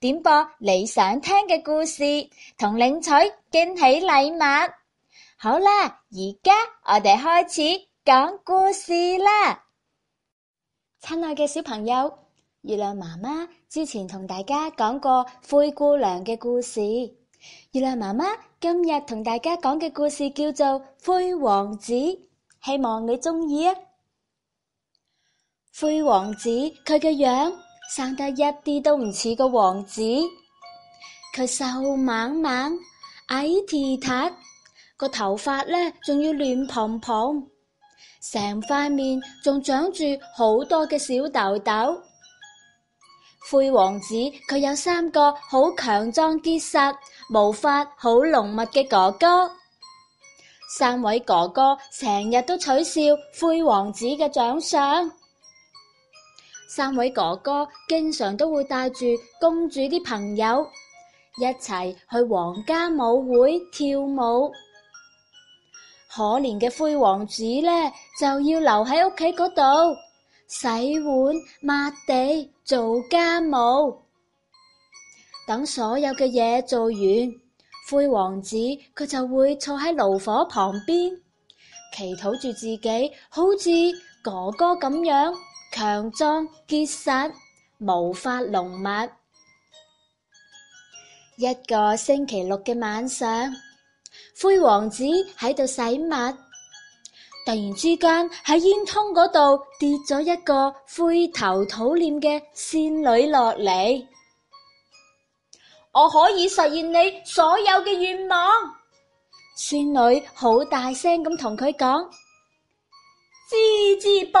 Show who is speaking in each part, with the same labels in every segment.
Speaker 1: 點播你想聽嘅故事，同領取驚喜禮物。好啦，而家我哋開始講故事啦。親愛嘅小朋友，月亮媽媽之前同大家講過灰姑娘嘅故事。月亮媽媽今日同大家講嘅故事叫做灰王子，希望你中意啊。灰王子佢嘅樣。生得一啲都唔似個王子，佢瘦蜢蜢、矮鐵塔，個頭髮咧仲要亂蓬蓬，成塊面仲長住好多嘅小痘痘。灰王子佢有三個好強壯結實、毛髮好濃密嘅哥哥，三位哥哥成日都取笑灰王子嘅長相。三位哥哥經常都會帶住公主啲朋友一齊去皇家舞會跳舞。可憐嘅灰王子呢，就要留喺屋企嗰度，洗碗、抹地、做家務。等所有嘅嘢做完，灰王子佢就會坐喺爐火旁邊，祈禱住自己，好似哥哥咁樣強壯結實，毛髮濃密。一個星期六嘅晚上，灰王子喺度洗襪，突然之間喺煙囪嗰度跌咗一個灰頭土臉嘅仙女落嚟。我可以實現你所有嘅願望。仙女好大聲咁同佢講：，滋滋卜。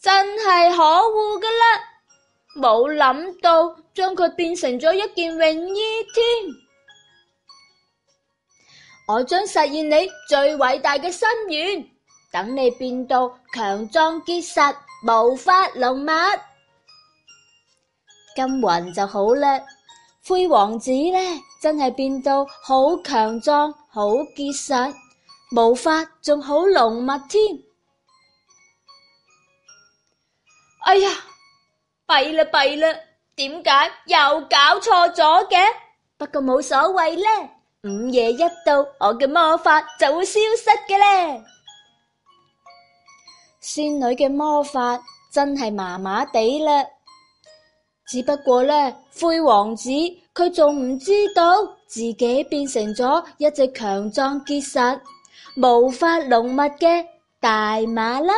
Speaker 1: 真係可惡噶啦！冇諗到將佢變成咗一件泳衣添。 我將實現你最偉大嘅心願，等你變到強壯結實，毛髮、濃密。金雲就好啦，灰王子呢，真係變到好強壯、好結實，毛髮，仲好濃密添。哎呀，弊啦弊啦，點解又搞錯咗嘅？不過冇所謂呢，午夜一到，我嘅魔法就會消失嘅咧。仙女嘅魔法真係麻麻地啦，只不過呢，灰王子佢仲唔知道自己變成咗一隻強壯結實、毛髮濃密嘅大馬騮。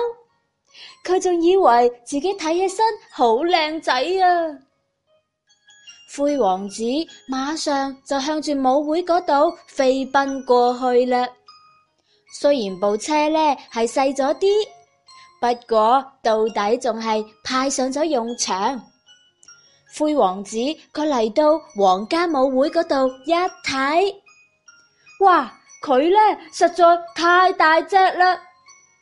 Speaker 1: 佢仲以為自己睇起身好靚仔啊！灰王子馬上就向住舞會嗰度飛奔過去啦。雖然部車呢係細咗啲，不過到底仲係派上咗用場。灰王子佢嚟到皇家舞會嗰度一睇，哇！佢呢實在太大隻啦。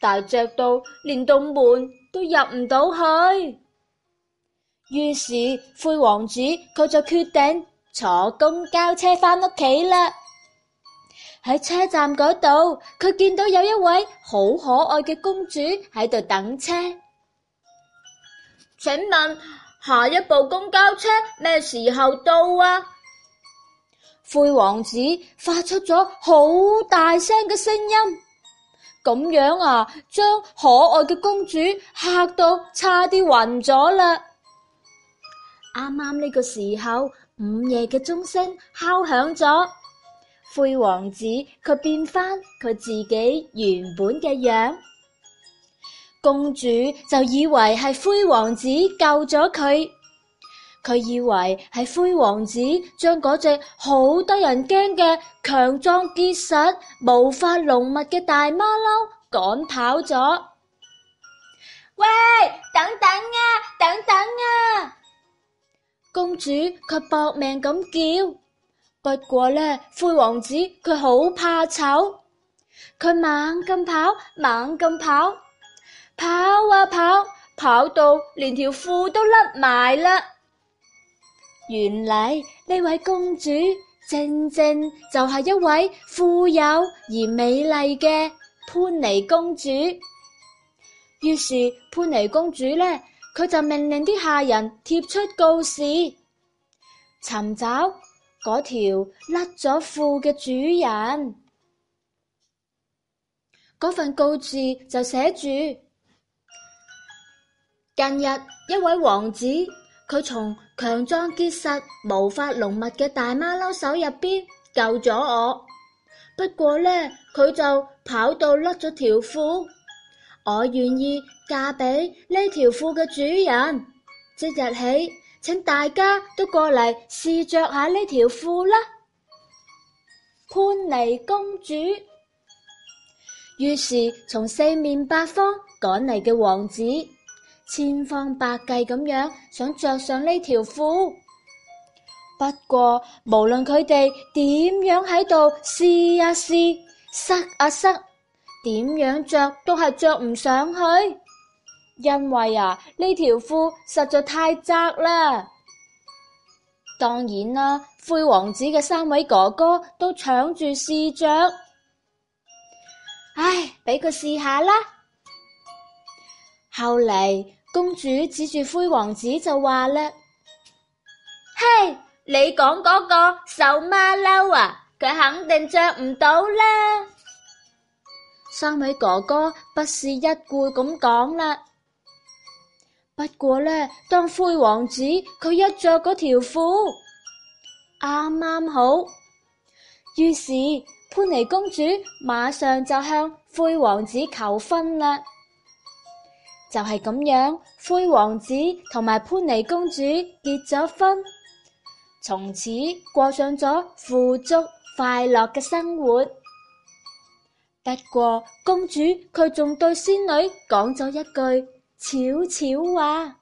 Speaker 1: 大着到連道門都入唔到去，於是灰王子佢就決定坐公交車翻屋企啦。喺車站嗰度，佢見到有一位好可愛嘅公主喺度等車。請問下一部公交車咩時候到啊？灰王子發出咗好大聲嘅聲音。咁樣啊，將可愛嘅公主吓到差啲暈咗啦！啱啱呢個時候，午夜嘅鐘聲敲響咗，灰王子卻變翻佢自己原本嘅樣，公主就以為係灰王子救咗佢。佢以為係灰王子將嗰隻好得人驚嘅強壯結實、毛髮濃密嘅大馬騮趕跑咗。喂，等等啊，等等啊！公主卻搏命咁叫。不過呢，灰王子佢好怕醜，佢猛咁跑，猛咁跑，跑，跑啊跑，跑到連條褲都甩埋啦。原來呢位公主正正就係一位富有而美麗嘅潘尼公主。於是潘尼公主呢，佢就命令啲下人貼出告示，尋找嗰條甩咗褲嘅主人。嗰份告示就寫住：近日一位王子。佢從強壯結實、毛髮、濃密嘅大馬騮手入邊救咗我，不過呢，佢就跑到甩咗條褲。我願意嫁俾呢條褲嘅主人，即日起，請大家都過嚟試着下呢條褲啦，潘尼公主。於是從四面八方趕嚟嘅王子。千方百計咁樣想着上呢條褲，不過無論佢哋點樣喺度試啊試，塞啊塞，點樣着都係着唔上去，因為啊呢條褲實在太窄啦。當然啦，啊，灰王子嘅三位哥哥都搶住試着，唉，俾佢試下啦。後嚟。公主指住灰王子就話啦：，嘿，hey, 你講嗰個瘦馬騮啊，佢肯定着唔到啦。三位哥哥不是一貫咁講啦。不過呢，當灰王子佢一着嗰條褲，啱啱好。於是潘尼公主馬上就向灰王子求婚啦。就係咁樣，灰王子同埋潘妮公主結咗婚，從此過上咗富足快樂嘅生活。不過公主佢仲對仙女講咗一句悄悄話，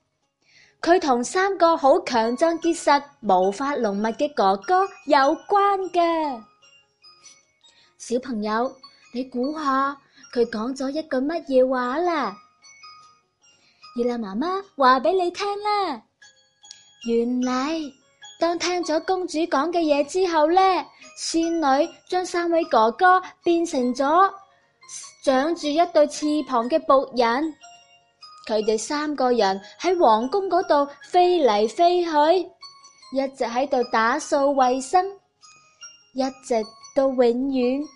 Speaker 1: 佢同三個好強壯結實、毛髮濃密嘅哥哥有關嘅。小朋友，你估下佢講咗一句乜嘢話啦？月亮媽媽話俾你聽啦，原來當聽咗公主講嘅嘢之後呢，仙女將三位哥哥變成咗長住一對翅膀嘅僕人，佢哋三個人喺皇宮嗰度飛嚟飛去，一直喺度打掃衛生，一直到永遠。